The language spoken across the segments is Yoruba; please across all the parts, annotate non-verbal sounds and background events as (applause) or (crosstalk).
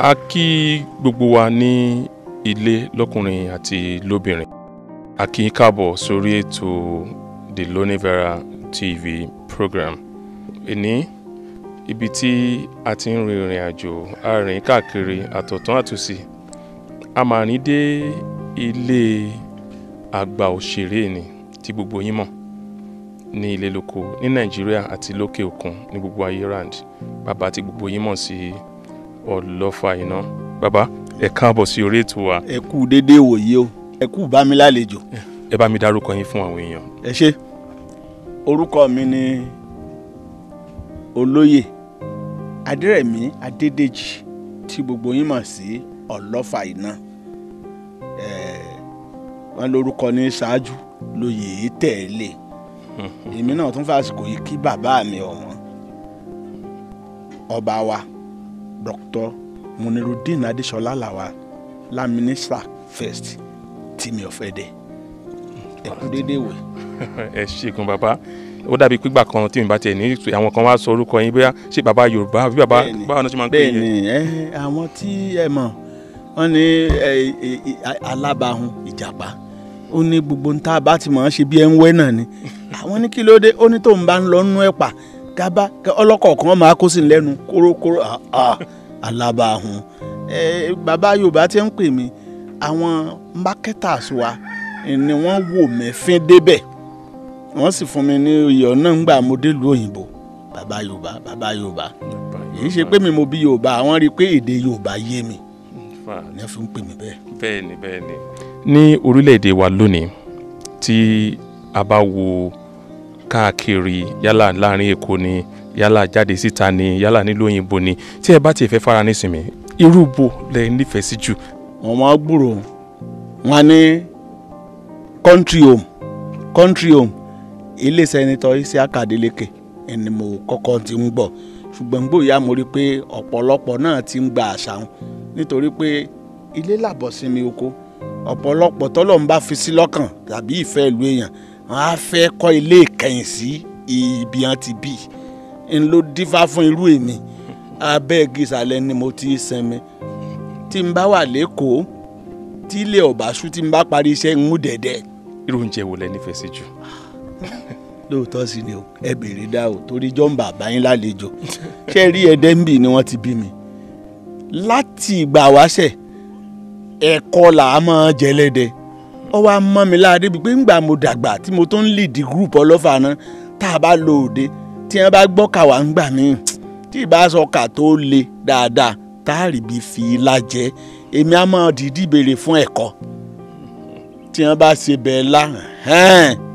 a kí gbogbo wa ní ilé lọ́kùnrin àti lóbìnrin a kí yín káàbọ̀ sórí ètò the Lone Vera TV program èní ibi tí a ti ń rin ìrìn àjò arìnrìn káàkiri àtọ̀tún àtòsí a máa rìn dé ilé àgbà òṣèré ni tí gbogbo yín mọ̀ ní ilé lóko ní Nàìjíríà àti lókè òkun ní gbogbo ayé rand bàbá tí gbogbo yín mọ̀ sí. Si ọlọ́fà iná bàbá ẹ káàbọ̀ sí orí ètò wa. ẹ kú dédé wòye o ẹ kú bá mi lálejò. ẹ bá mi dárúkọ yín fún àwọn èèyàn. ẹ ṣe orúkọ mi ni olóyè adẹ́rẹ̀mí adédèjì tí gbogbo yín mọ̀ sí ọlọ́fà iná wọn lórúkọ ní ṣáájú lóyè tẹ̀lé hmm. èmi náà tún fàásìkò yìí kí bàbá mi ọ̀wọ́n ọba wa dr munirudeen adesola làwà la minister first tìmí ọ̀fẹ́dẹ ẹ kú dédé wẹ̀. (laughs) ẹ ṣègùn bàbá ó dàbí pígbà kan tí mi bá tiẹ̀ ní ìtù àwọn kan wá sọ orúkọ yín bóyá ṣé bàbá yorùbá àbí bàbá báwọn náà ṣe máa ń pè é bẹ́ẹ̀ni ẹ àwọn tí ẹ mọ̀ wọ́n ní alábàáhùn ìjàpá ó ní gbogbo ní tá a bá ti mọ̀ ọ́n ṣe bí ẹ ń wẹ́ náà ni àwọn ní kí ló dé ó ní tóun bá ń lọ nú ẹ̀pà dábà ọlọ́kọ̀ọ̀kan máa kó sí lẹ́nu kórókóró alábàáhùn bàbá yorùbá ti ń pè mí àwọn marketers wa ni wọ́n wò mẹ́fín débẹ̀ wọ́n sì fún mi ní oyè ọ̀nà ńgbà mo délùú òyìnbó bàbá yorùbá bàbá yorùbá èyí ṣe pé mi mo bí yorùbá àwọn rí i pé èdè yorùbá yé mi ní fi ń pè mí bẹ́ẹ̀. bẹ́ẹ̀ni bẹ́ẹ̀ni. ní orílẹ̀-èdè wa lónìí tí a bá wo káàkiri yálà láàrin èkó ni yálà jáde síta ni yálà nílùú òyìnbó ni tí ẹ bá ti fẹ́ fara nísìnyí irú bo lẹ nífẹ̀ẹ́ sí jù. wọ́n máa gbúrò wọn ní country home country home ilé sẹ́nitọ́ Isiaka Adeleke ẹni mo kọ́kọ́ ti ń gbọ́ ṣùgbọ́n gbòòyà mo rí i pé ọ̀pọ̀lọpọ̀ náà ti ń gba àṣà wọn nítorí pé ilé làbọ̀sinmi oko ọ̀pọ̀lọpọ̀ tọ́lọ́run bá fi sí lọ́kàn tàbí ìfẹ́ ìlú èèyàn wọ́n á fẹ́ kọ́ ilé ìkẹyìn sí ibi hàn ti bí n ló dífá fún irú èmi abẹ́ ìsàlẹ̀ ni mo ti sinmi tí n bá wà lẹ́kọ̀ọ́ tí ilé ọ̀básù tí n bá parí iṣẹ́ ń mú dẹ̀dẹ̀. irú oúnjẹ wo lẹ nífẹ̀ẹ́ sí jù. (laughs) lóòótọ́ sí ni o ẹ béèrè dá o torí jọ́ ń bàbá yín lálejò ṣé rí ẹdẹ ń bì ni wọ́n ti bí mi láti ìgbà wáṣẹ̀ ẹ̀kọ́ là á máa jẹ́lẹ́dẹ̀ẹ́ ọ wá mọ́ mi láàdé bíi pé ńgbà mo dàgbà tí mo tó ń lead group ọlọ́fà náà tá a bá lo òde tí wọ́n bá gbọ́ kàwá ń gbà mí tí ìbá sọ kà tó le dáadáa tá a rí bíi fi ilá jẹ èmi á máa dìídì béèrè fún ẹ̀kọ́ tí wọ́n bá ṣe bẹ́ẹ̀ lá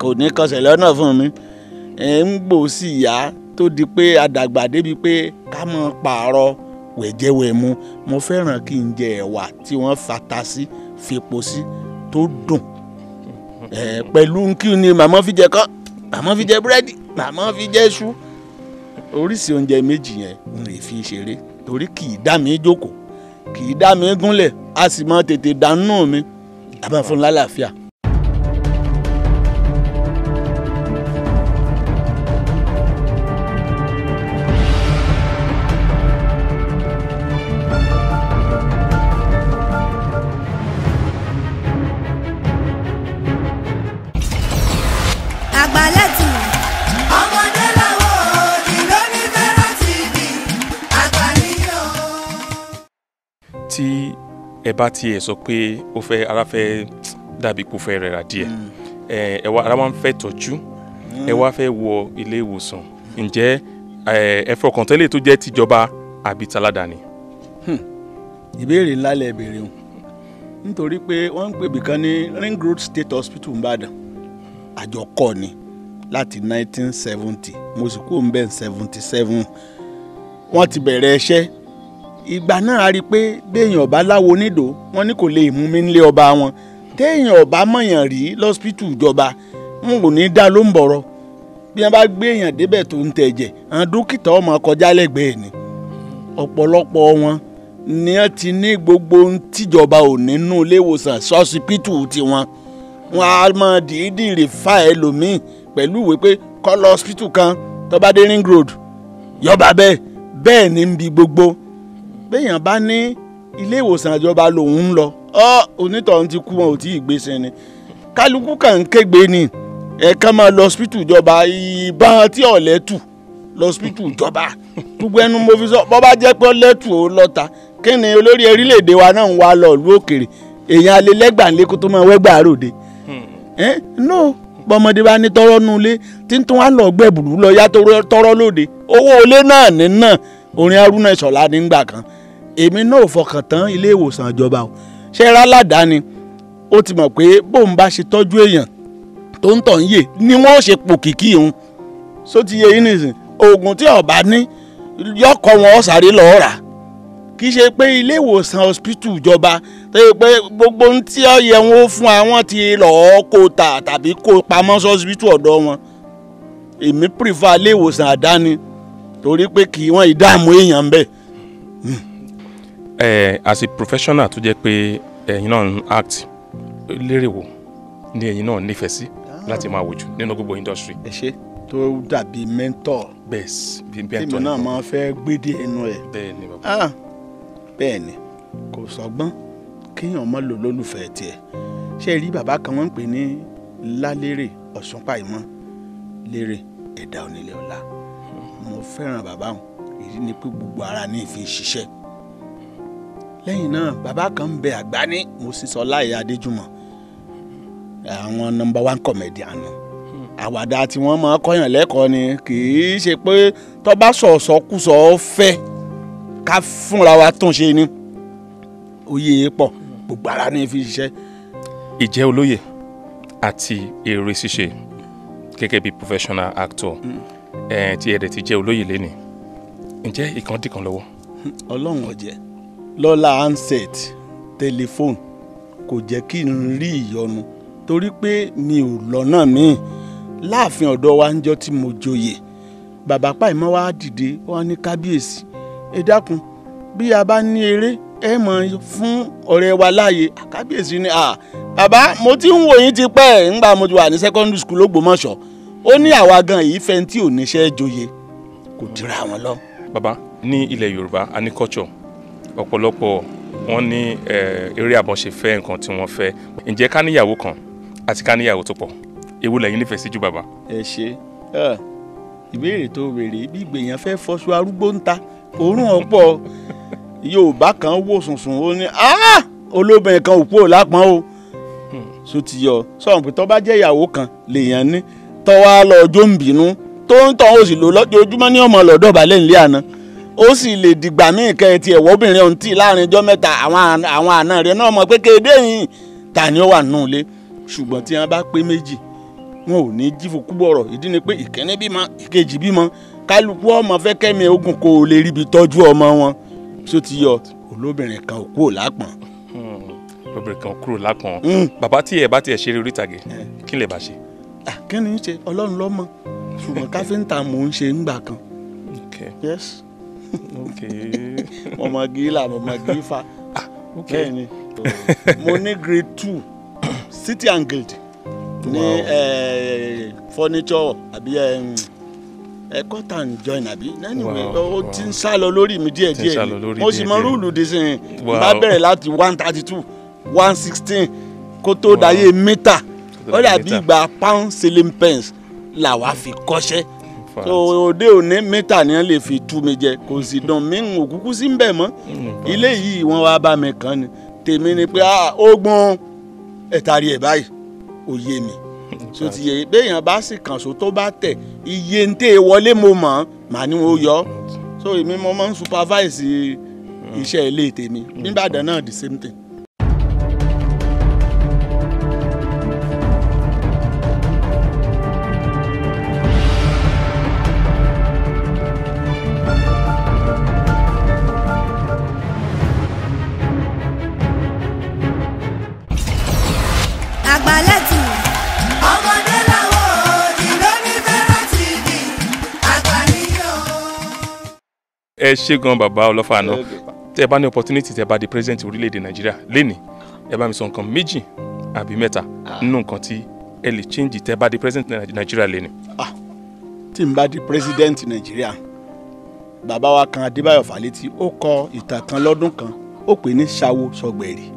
kò ní kọsẹ̀ lọ́nà fún mi ẹ̀ ń gbò sí ìyá tó di pé àdàgbà débi pé ká máa pààrọ̀ wẹ̀jẹ̀wẹ̀ mu mo fẹ́ràn kí n jẹ ẹ̀wà tí wọ́n fata sí fepo sí. Si tó dùn pẹ̀lú kí ni màmá fi jẹ kọ́ màmá fi jẹ búrẹ́dì màmá fi jẹ iṣu oríṣi oúnjẹ méjì yẹn n lè fi ṣeré torí kì í dá mi jókòó kì í dá mi gúnlẹ̀ a sì mọ tètè dánú mi àbá fún lálàáfíà. ẹ bá tiẹ̀ sọ pé ó fẹ́ ara fẹ́ dàbí kó fẹ́ rẹ̀ra díẹ̀ mm. ẹ wá ara wa ń fẹ́ tọ́jú mm. ẹ wá fẹ́ wọ ilé ìwòsàn ǹjẹ́ ẹ fọkàn tẹ́lẹ̀ tó jẹ́ tìjọba àbí taládàáni. Hmm. ìbéèrè ńlá lẹ béèrè o nítorí pé wọ́n ń pè bìkan ní ring road state hospital nìbàdàn àjọkọ́ ni láti 1970 mo sì kú òun bẹ́ẹ̀ 77 wọ́n ti bẹ̀rẹ̀ iṣẹ́ ìgbà náà a rí i pé béèyàn ọba láwo nídò wọn ní kò lè mú mi nílé ọba wọn téèyàn ọba mọ̀yàn rí lọ́sípítù ìjọba n ò ní dá ló ń bọ̀rọ̀ bí wọ́n bá gbé èèyàn débẹ̀ tó ń tẹ̀jẹ̀ àwọn dókítà ọmọ kọjá lẹ́gbẹ̀ẹ́ ni ọ̀pọ̀lọpọ̀ wọn ni wọ́n ti ní gbogbo tíjọba ò nínú ilé ìwòsàn sọ́sípítù tiwọn wọn á máa dìídì rìfà ẹlòmíì pẹ̀lú ìwé pé kọ́ lọ kan tó bá dé ring road yọba bẹ́ẹ̀ bẹ́ẹ̀ ni ń bi gbogbo béèyàn bá ní ilé ìwòsàn ìjọba lòun ń lọ ọ onítọ̀hún ti kú wọn ò tí ì gbé sin ni kálukú kàn ń kégbe ni ẹ̀ka máa lọ hospital ìjọba ìbọn tí ọ̀lẹ́ tù lọ hospital ìjọba gbogbo ẹnu mo fi sọ bọ́ bá jẹ́ pé ọ̀lẹ́ tù ó lọ́ta kí ni olórí orílẹ̀-èdè wa náà ń wá lọ ìlú òkèèrè èèyàn alẹ́ lẹ́gbàá ńlẹ́ kó tó máa wẹ́gbàá ròde ẹ́ no bọ́mọdé bá ní tọrọ nu ilé tí ń tún wá lọ gbẹ̀bùrú lọ yá tọrọ lóde owó ilé náà ní náà orin Haruna Ìṣọ̀lá nígbà kan èmi náà ò fọkàn tán ilé ìwòsàn ìjọba o ṣe ra aládàáni ó ti mọ̀ pé bóun bá ṣe tọ́jú èèyàn tó ń tọ̀ ń yè ni wọ́n ṣe pò kìkì òun só ti yẹ yín nìsín oògùn tí ọba ní yọkọ wọn sáré lọ́ọ́ rà kì í ṣe pé ilé ìwòsàn hospital ìjọba tó yẹ pé gbogbo ohun tí ó yẹ wọn fún àwọn ti lọ́ọ́ kó ta tàbí kó pamọ́ sí hospital ọ̀dọ̀ wọn èmi prefer ilé ìwòsàn àdáni torí pé kì í wọ́n ìdààmú èèyàn ń ẹ as a professional tó jẹ́ pé ẹ̀yin náà ń act lérè wò ni ẹ̀yin náà nífẹ̀ẹ́ sí láti máa wò jù nínú gbogbo industry. ẹ ṣe tó dàbí mentor. bẹ́ẹ̀ bí mentor tèmi náà máa fẹ́ gbédè ẹnu ẹ̀. bẹ́ẹ̀ ni bàbá. Ah, bẹ́ẹ̀ ni kò sọgbọ́n kéèyàn má lò lólùfẹ́ tiẹ̀ ṣé rí bàbá kan wọ́n ń pè ní lálérè ọ̀ṣunpá ìmọ̀ lérè ẹ̀dá onílé ọ̀la mo fẹ́ràn bàbá wọn èyí ni pé gbogbo ara ní ìfi ṣiṣẹ́ lẹ́yìn náà bàbá kan ń bẹ àgbáni mo sì sọ láyé adéjúmọ̀ àwọn nọmba one comedian nù àwàdà tí wọ́n máa kọ́yàn lẹ́kọ̀ọ́ ni kì í ṣe pé tọ́ba sọ̀sọ́kùsọ fẹ́ ká fúnra wa tún ṣe ni oyè pọ̀ gbogbo ara ní fi ṣiṣẹ́. ìjẹ́ olóyè àti eré ṣíṣe gẹ́gẹ́ bí professional actor hmm. tí ẹ̀ẹ́dẹ̀ ti jẹ́ olóyè lẹ́nìí ǹjẹ́ ìkàndínkàn lọ́wọ́. ọlọ́run ọ̀jẹ̀ lọ́la handset telephone, kò jẹ́ kí n rí ìyọnu torí pé mi ò lọ́nà míì láàfin ọ̀dọ̀ wa ń jọ́ tí mo joyè bàbá pàìmọ́ wa dìde wa ní kábíyèsí ẹ dákun bí a bá ní eré ẹ mọ̀ fún ọ̀rẹ́ wa láàyè kábíyèsí ni bàbá mo ti ń wò yín ti pẹ́ ńgbà mo ti wà ní secondary school lógbòmọ̀ṣọ́ ó ní àwa gan yìí fẹ́ntì ò níṣẹ́ joyè kò dira wọn lọ. bàbá ní ilẹ̀ yorùbá a ní culture ọ̀pọ̀lọpọ̀ wọn ní eré àbọ̀nṣe fẹ́ nǹkan tí wọ́n fẹ́ ǹjẹ́ ká níyàwó kan àti ká níyàwó tó pọ̀ èwo lẹ́yìn nífẹ̀ẹ́ sí jù bàbá. ẹ ṣe ìbéèrè tó béèrè bí ìgbèyàn fẹ́ fọṣọ arúgbó ń ta òórùn ọ̀pọ̀ yorùbá kan wò sùnsùn ó ní olóbìnrin kan ò kú ò lápọn o hmm. so ti yọ sọ̀rọ̀ pé tó bá jẹ́ ìyàwó kan lèèyàn ní tọ́wá lọ́jọ́ ń bínú tó ń tọ́ ó lò lójoojúmọ́ ní ọmọ lọ́dọ̀ balẹ̀ ńlẹ́ àná ó sì lè dìgbà míì kẹ́ ẹ ti ẹ̀wọ́ obìnrin ọ̀hún tì láàrin ọjọ́ mẹ́ta àwọn àna rẹ̀ náà mọ̀ pé kéde yìí ta ni ó wà nù lé ṣùgbọ́n tí wọ́n bá pé méjì wọn ò ní jí fokú bọ̀rọ̀ ìdí ni pé ìkíní bímọ ìkejì bímọ kálukú ọmọ fẹ́ kẹ́mi ogun kó o lè ríbi tọ́jú ọmọ wọn tó ti yọ olóbìnrin kan ò kúrò lápọ̀n. Hmm, olóbìnrin kan ò kúrò lápọ̀n hmm. bàbá tí ẹ bá tiẹ̀ ṣeré orí ìtàgé eh. kí lè bá ṣe. kí ni ń ṣe ọlọ́run lọ́mọ ṣùgbọ́n káfíńtà mò ń ṣe ńgbà kan. (laughs) yes ọmọ gíìlà ọmọ gíìfà ah, bẹ́ẹ̀ ni mo ní grade two city and guild ní eh, furniture àbí eh, cut and join àbí anyway ó ti ń sá lọ lórí mi díẹ̀ díẹ̀ mo sì mọ rúùlù dísìn bá bẹ̀rẹ̀ láti one thirty two one sixteen kó tó dayé mítà ó dàbí ìgbà pound selling pence làwa fi kọ́ṣẹ́ so òde òní mítà ni wọn lè fi tú mi jẹ kò sì dùn mí ń òkúkú sí ń bẹ̀ mọ́ mm, ilé yìí wọ́n wá bá mi kàn ni tèmi ni pé ah, ogun ẹ̀tàrí ẹ̀ báyìí òye mi (laughs) so ti yẹ béèyàn bá sì kàn so tó bá tẹ̀ iye ń tẹ̀ wọlé mo mọ̀ màá ní wọ́n yọ so èmi mo máa ń supervise mm. iṣẹ́ ilé tèmi mm. nígbàdàn náà the same thing. ẹ ṣe gan bàbá ọlọ́fà náà tẹ bá ní opportunity tẹ bá di president orílẹ̀-èdè nàìjíríà lẹ́nìí ẹ bá mi sọ nǹkan méjì àbí mẹ́ta ah. nínú nǹkan tí ẹ lè change tẹ bá di president nàìjíríà lẹ́nìí. Ah, tí n bá di president nàìjíríà bàbá wa kan adébáyọ̀ fálétí ó kọ ìtàn kan lọ́dún kan ó pè ní ṣàwo sọgbẹ̀rì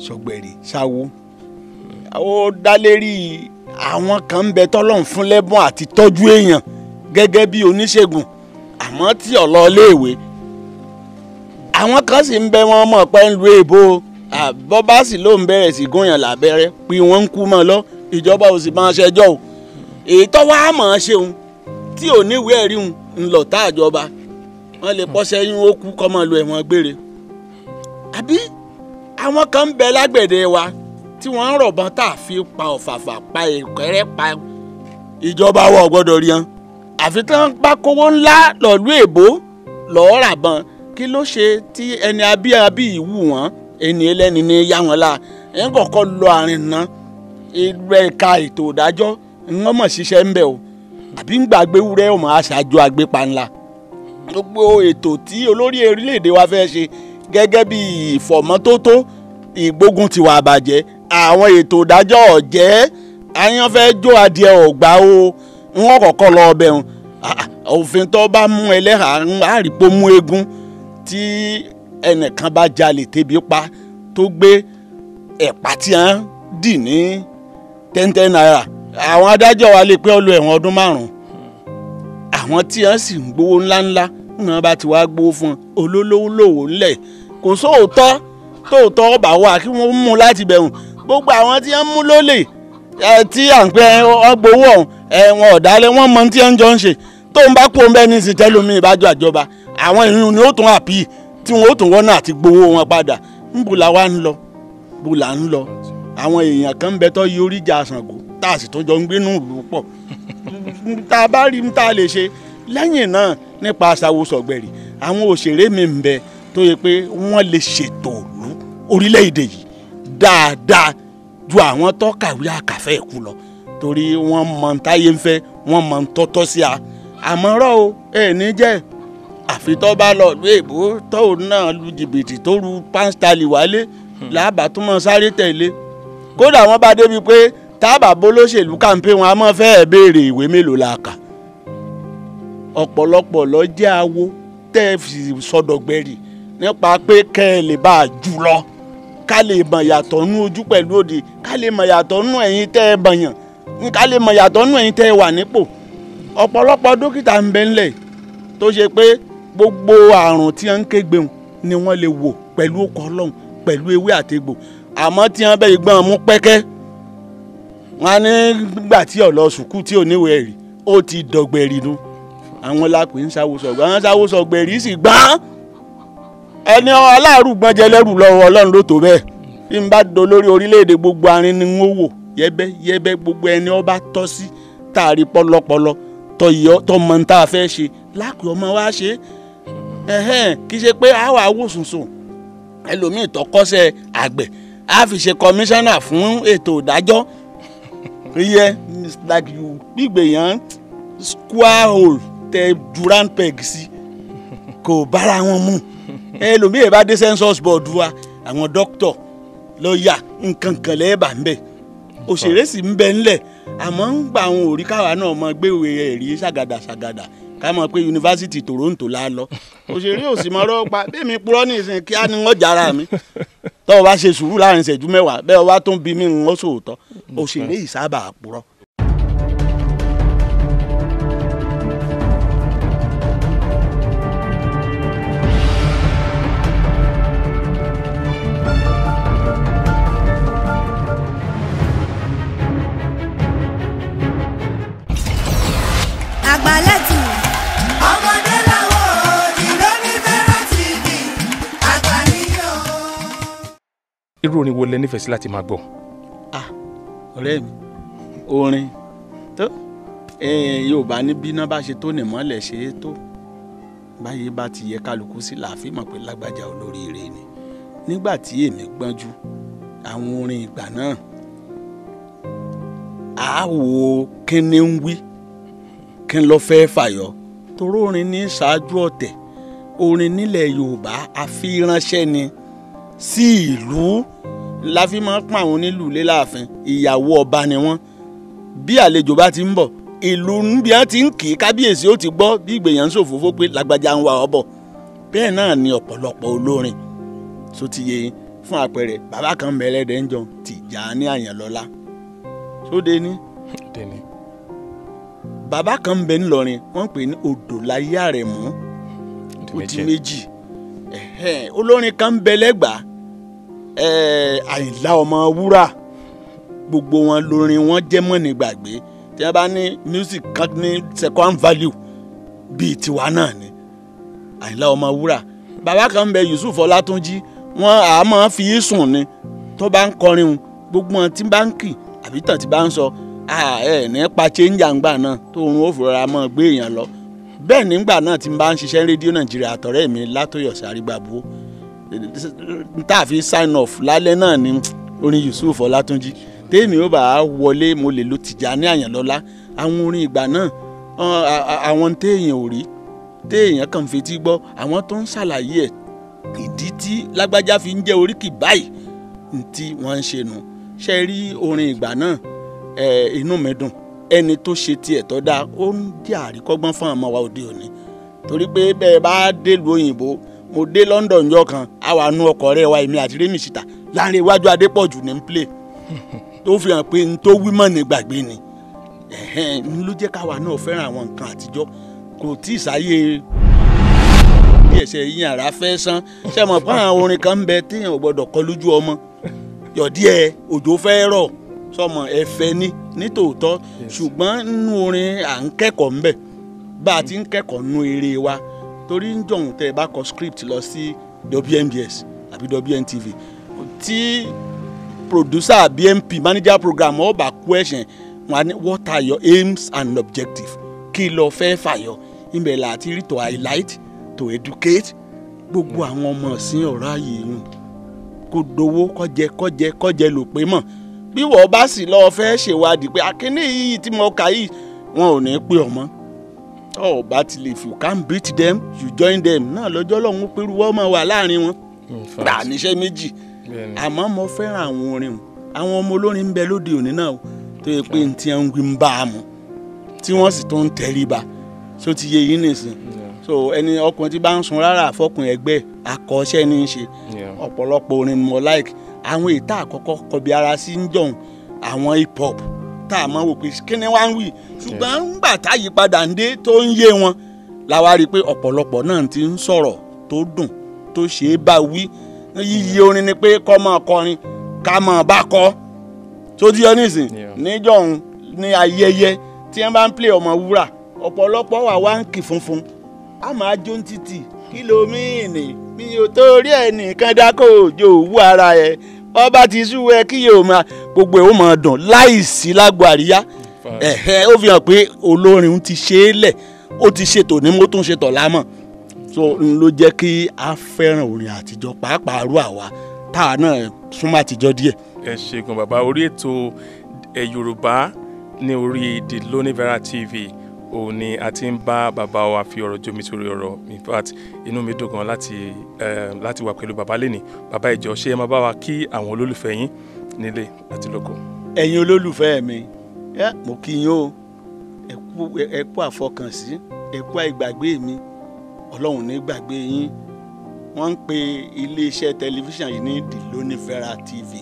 sọgbẹ̀rì ṣàwo ó dá lérí àwọn kan ń bẹ tọ́lọ́run fún lẹ́bùn àti tọ́jú èèyàn gẹ́gẹ́ bí oníṣègùn àmọ́ tí ò lọ iléèwé àwọn kan sì ń bẹ wọn mọ̀ pé ń lu èèbó bọ́ bá sì ló ń bẹ̀rẹ̀ sí gúnyàn lábẹ́rẹ́ pé wọ́n ń kú mọ́ lọ ìjọba ò sì máa ṣẹjọ́ o èyí tó wá mọ̀ ọ́n ṣeun tí ò ní ìwé ẹ̀rí ń lọ tá àjọba wọ́n lè pọ́ sẹ́yìn ó kú kọ́ mọ́ lu ẹ̀wọ̀n gbére àbí àwọn kan ń bẹ lágbẹ̀dẹ wa tí wọ́n ń rọ̀bọ̀n tá a fi pa ọ̀fàfà pa ìkẹ́rẹ́ pa ìjọba wa gbọ́dọ̀ rí hàn àfi tán bá kówó ńlá lọ́lú èbó lọ́ọ́ rà bọ́n kí ló ṣe tí ẹni abí abí yìí wù wọ́n ẹni ẹlẹ́ni ní yá wọn la ẹ̀ ń kọ̀kọ́ lọ àárín náà ìrẹ́ ẹ̀ka ètò ìdájọ́ wọn mọ̀ ṣiṣẹ́ ń bẹ̀ o àbí ń gbàgbé wúrẹ́ ọmọ aṣáájú agbépanla gbogbo ètò tí olórí orílẹ̀-èdè wa fẹ́ ṣe gẹ́gẹ́ bí ìfọ̀mọ́tótó ìgbógun tiwa àbàjẹ́ àwọn ètò ìdájọ́ ọ̀jẹ́ àyànfẹ́ jó adìẹ ọ̀gbà o wọn kọ̀ọ̀kọ́ lọ ọbẹ̀ wọn ah, òfin tó bá mú ẹlẹ́hà àrípò mú eégún tí ẹnìkan bá jalè tẹ̀bi pa tó gbé ẹ̀pà tí a ń dì ní tẹ́ntẹ́n náírà àwọn adájọ́ wa lè pẹ́ ọ lọ ẹ̀wọ̀n ọdún márùn-ún àwọn tí a sì ń gbowó ńláńlá ńlá bá ti wá gbowó fún un olólówó lòwò ńlẹ̀ kò sóòótọ́ tóòótọ́ ọba wa kí wọ́n mú láti bẹ̀rù gbogbo àwọn tí wọ́n mú lólè tí à ń pẹ́ wọ́n gbowó ọ̀hún ẹ̀wọ̀n ọ̀dálẹ̀ wọ́n mọ tí wọ́n jọ ń ṣe tó ń bá kó ń bẹ́ẹ̀ ní ìsìn tẹ́lómi ìbájọ́ àjọba àwọn ìrìn ni ó tún àpì tí wọ́n ó tún wọ́n náà àti gbowó wọn padà ńbù la wá ń lọ bù là ń lọ àwọn èèyàn kan ń bẹ tó yí orí ìjà àsàngó tá a sì tún jọ ń gbénú ìlú pọ̀ tá a bá rí tá a lè ṣe lẹ́yìn náà nípa aṣàwò sọ̀gbẹ̀rì àwọn òṣèré mi ń bẹ tó yẹ pé wọ́n lè ṣètò orílẹ̀-èdè yìí dáadáa ju àwọn tó kàwé àkàfẹ́ ẹ̀kú lọ torí wọ́n mọ táyé ń fẹ́ wọ́n mọ tọ́tọ́ sí a àmọ́rọ́ o ẹ̀ ní jẹ́ àfi tó bá lọ ìlú èbó tóun náà lu jìbìtì tó ru pánstálì wálé làbà tó mọ sáré tẹ̀lé kódà wọ́n bá débi pé tábà bólóṣèlú kàǹpé wọn a mọ̀ fẹ́ẹ́ béèrè ìwé mélòó la kà ọ̀pọ̀lọpọ̀ lọ jẹ́ awo tẹ́ fi sọ̀dọ̀gbẹ̀rì nípa pé kẹ́ ẹ lè bá a jù lọ ká lè mọ̀ yàtọ̀ nú ojú pẹ̀lú òde ká lè mọ̀ yàtọ̀ nú ẹ̀yin tẹ́ ẹ bọ̀yàn ká lè mọ̀ yàtọ̀ nú ẹ̀yin tẹ́ ẹ wà nípò ọ̀pọ̀lọpọ̀ dókítà ń bẹ ńlẹ̀ tó ṣe pé gbogbo àrùn tí wọ́n ń ké gbéhùn ni wọ́n lè wò pẹ̀lú ọkọ̀ ọlọ́run pẹ̀lú ewé àtegbò àmọ́ tí wọ́n bẹ ìgbọ́n mú pẹ́kẹ́ wọn á ní gbà tí ó sùkú tí ò níwèé rí ó ti dọ̀gbẹ̀rì nu àwọn lápè ń sáwó sọ̀gbẹ̀rì sì gbọ́n ẹni aláàrú gbọ́njẹ lẹ́rù lọ́wọ́ ọlọ́run ló bẹ́ẹ̀ bí n bá do lórí orílẹ̀-èdè gbogbo arin ni n ó wò yẹ́bẹ́ yẹ́bẹ́ gbogbo ẹni ọba tọ́ sí tààrí pọlọpọlọ tọyọ tọmọ n tá fẹ́ ṣe láàpẹ ọmọ wa ṣe kì í ṣe pé a wà wò sùnsùn ẹlòmíì tọkọsẹ̀ àgbẹ̀ a fi ṣe kọmíṣánná fún ètò ìdájọ́ yẹ like you gbígbèyàn square hole tẹ duran peg sí kò bára wọn mu ẹlòmíì bá dé census board wa àwọn dókítà lọ́ọ̀yà nǹkan kan lẹ́ẹ̀bà ń bẹ̀ òṣèré sì ń bẹ ńlẹ̀ àmọ́ ń gba àwọn òrí káwa náà mọ gbéwè ẹ̀rí ṣàgàdà ṣàgàdà ká mọ̀ pé yunifásitì Toronto la lọ òṣèré ò sì mọ ọ̀rọ̀ pa bí mi purọ́ ní ìsìn kíá ni wọ́n jára mi tọ́wọ́ bá ṣe sùúrù láàrin ìṣẹ́jú mẹ́wàá bẹ́ẹ̀ wá tó ń bi mí ń wọ́n sòótọ́ òṣèré ìsábà purọ́ irú orin wo lẹ nífẹ̀ẹ́ sí láti máa gbọ́. ah ọ̀rẹ́ mi orin tó yorùbá ní bí iná bá ṣe tó ní mọ́lẹ̀ ṣe é tó báyìí bá ti yẹ kálukú sí làáfíì mọ̀ pé lágbájá olóríire ni nígbà tí èmi gbọ́njú àwọn orin ìgbà náà àá wo kí ni ń wí kí n lọ fẹ́ fàyọ toró orin ní ṣáájú ọ̀tẹ̀ orin nílẹ̀ yorùbá àfi ránṣẹ́ ni. Yorùbá, sí ìlú la fi máa ń pa àwọn onílù lé láàfin ìyàwó ọba ni wọ́n bí àlejò bá ti ń bọ̀ ìlú níbi á ti ń kì í kábíyèsí ó ti gbọ́ bí ìgbèyàn ń ṣòfófó pé lágbájá ń wa ọbọ̀ bẹ́ẹ̀ náà ni ọ̀pọ̀lọpọ̀ olórin tó ti yẹ fún àpẹẹrẹ bàbá kan ń bẹ̀rẹ̀ dẹ́ ń jọ Tìjàní Àyànlọ́lá tó dé ní. bàbá kan ń bẹ ńlọrin wọ́n pè ní Odòláyé Àrẹ̀mú ó di méjì olórin kan ń bẹ lẹ́gbàá àyìnlá ọmọ wúrà gbogbo wọn lórin wọn jẹ́ mọ́ nígbàgbé tí wọ́n bá ní music kan ní second value bíi tiwa náà ni àyìnlá ọmọ wúrà bàbá kan ń bẹ yusuf ọlátúnjí wọn àmọ́ fi í sùn ni tó bá ń kọrin o gbogbo wọn tí bá ń kì àbí tàn tí bá ń sọ ẹ ní pa chéńjà ńgbà náà tó ń rún òfurufú gbé èèyàn lọ bẹ́ẹ̀ nígbà náà tí n bá ń ṣiṣẹ́ rédíò nàìjíríà àtọ̀rẹ́ mi látòyọ̀sí àrígbàbọ̀ tá a fi sign off lálẹ́ náà ni orin yusuf ọlátúnjì tèmi ó bá a wọlé mo lè lo tìjàní àyànlọ́lá àwọn orin ìgbà náà àwọn téèyàn ò rí téèyàn kàn fetí gbọ́ àwọn tó ń ṣàlàyé ẹ̀ ìdí tí lágbájá fi ń jẹ́ oríkì báyìí tí wọ́n ń ṣe nù ṣe rí orin ìgbà náà inú mi dùn ẹni tó ṣe tiẹ̀ tó dáa ó ń jẹ́ àríkọ́gbọ́n fún ọmọ wa òde òní torí pé bẹ́ẹ̀ bá délùú òyìnbó mo dé London jọ kan a wà nú ọkọ̀ wa èmi àti rémi síta láàrin iwájú Adépọ̀jù ní play tó fi hàn pé n tó wí mọ̀ ní gbàgbé ni ló jẹ́ káwa náà fẹ́ràn àwọn nǹkan àtijọ́ kò tí ì sáyé bí ẹsẹ̀ yín àrà fẹ́ sán ṣe mọ̀ fún àwọn orin kan ń bẹ téèyàn gbọ́dọ̀ kọ lójú ọmọ yọ̀dí òjò fẹ́ rọ̀ sọmọ ẹ̀fẹ̀ ni nítòótọ́ ṣùgbọ́n nínú orin à ń kẹ́kọ̀ọ́ ńbẹ̀ bá a ti ń kẹ́kọ̀ọ́ nínú eré wa torí ń jọ̀hún tẹ́ ẹ bá kọ script lọ sí WMBS àbí WNTV tí producer àbí manager program ọba question wọn ni what are your aims and objectives kí ló fẹ́ fàyọ ibẹ̀ là rí to highlight to educate gbogbo mm. àwọn ọmọ ọ̀sìn ọ̀rọ̀ ààyè yìí kò dowó kọjẹ kọjẹ kọjẹ lò pé mọ̀ bí wọ́n bá sì lọ́ọ́ fẹ́ ṣèwádìí pé akínní yìí tí mo kà yìí wọn ò ní pé ọmọ tó o bá ti lè if you can beat them you join them náà lọ́jọ́ lọ́hún pẹ̀lú wọ́n máa wà láàrin wọn gbà níṣẹ́ méjì àmọ́ mo fẹ́ràn àwọn orin wọn àwọn ọmọ olórin ń bẹ lóde òní náà tó yẹ pé ntí ẹ ń gbin bá a mọ̀ tí wọ́n sì tó ń tẹríba tó ti yé yín nìsín so ẹni ọkùnrin tí bá ń sun rárá àfọkùn ẹgbẹ́ akọ́ṣẹ́ ní í ṣe ọ̀pọ̀lọpọ̀ orin mo like àwọn ètà àkọ́kọ́ kọbi ara sí ń jọ̀hún àwọn hip hop tá a mọ̀ wò pé kíni wá ń wì ṣùgbọ́n ńgbà táyípadà ń dé tó ń yé wọn la wá rí i pé ọ̀pọ̀lọpọ̀ náà ti ń sọ̀rọ̀ tó dùn tó ṣe é bá wí yíyí mm. orin ni pé kọ́ mọ́ kọrin ká mọ́ bá kọ́ tó di nísìn níjọ̀hún ní ayẹyẹ tí wọ́n bá ń play ọmọ wúrà ọ̀pọ̀lọpọ̀ wà wá ń kì funfun a máa jó títì kí ló ìní mi ò torí ẹnìkan dákò òjò òwú ara ẹ̀ ọba ti sú ẹ kíyè ò máa gbogbo ẹ ó máa dùn láìsí lágbo àríyá ẹ̀hẹ́ ó fi hàn pé olórin ti ṣe é lẹ̀ ó ti ṣètò ní mo tún ṣètò lámọ̀ so n ló jẹ́ kí a fẹ́ràn orin àtijọ́ pàápàá arú àwa tá a náà súnmọ́ àtijọ́ díẹ̀. ẹ ṣeun bàbá orí ètò yorùbá ní orí The Lone Vera TV òun ni a ti ń bá bàbá wa fi ọ̀rọ̀ jomi torí ọ̀rọ̀ in fact inú mi dùn gan láti eh, láti wà pẹ̀lú bàbá lẹ́nìí bàbá ìjọ ṣé ẹ máa bá wa kí àwọn olólùfẹ́ yín nílé àti lóko. ẹ̀yin olólùfẹ́ mi mo kí yín o ẹ kú àfọkànsí ẹ kú àìgbàgbé mi ọlọ́run ní gbàgbé yín wọ́n ń pe iléeṣẹ́ tẹlifíṣàn yìí ní The Loniferah TV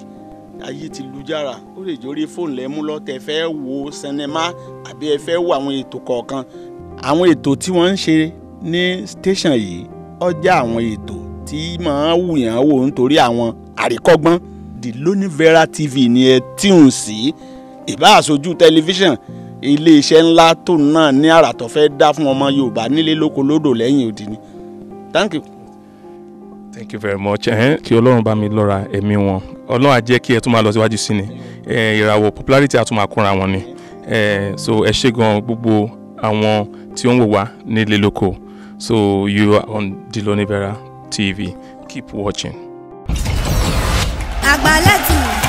ayé ti lu jára ó lè jórí fóònù lẹ mú lọtẹ fẹ́ wo sinimá àbí ẹ fẹ́ wo àwọn ètò kọ̀ọ̀kan àwọn ètò tí wọ́n ń ṣe ní station yìí ọjà àwọn ètò tí màá wùyàn wò nítorí àwọn àríkọ́gbọ́n the Lone Vera TV ni ẹ tíhùn sí ìbá àṣojú tẹlifíṣàn iléeṣẹ́ ńlá tó náà ní àrà tó fẹ́ dá fún ọmọ Yorùbá nílé lóko lódò lẹ́yìn òdì ni thank you thank you very much kí ọlọ́run bá mi lọ́ra ẹ̀mí wọn ọlọ́run á jẹ́ kí ẹ tún máa lọ síwájú sí ni ìràwọ̀ popularity á tún máa kúnra wọn ni so ẹ ṣé gan gbogbo àwọn tí ó ń wò wá nílé lóko so you are on Dilo Vera TV keep watching. Àgbàlẹ̀ tù.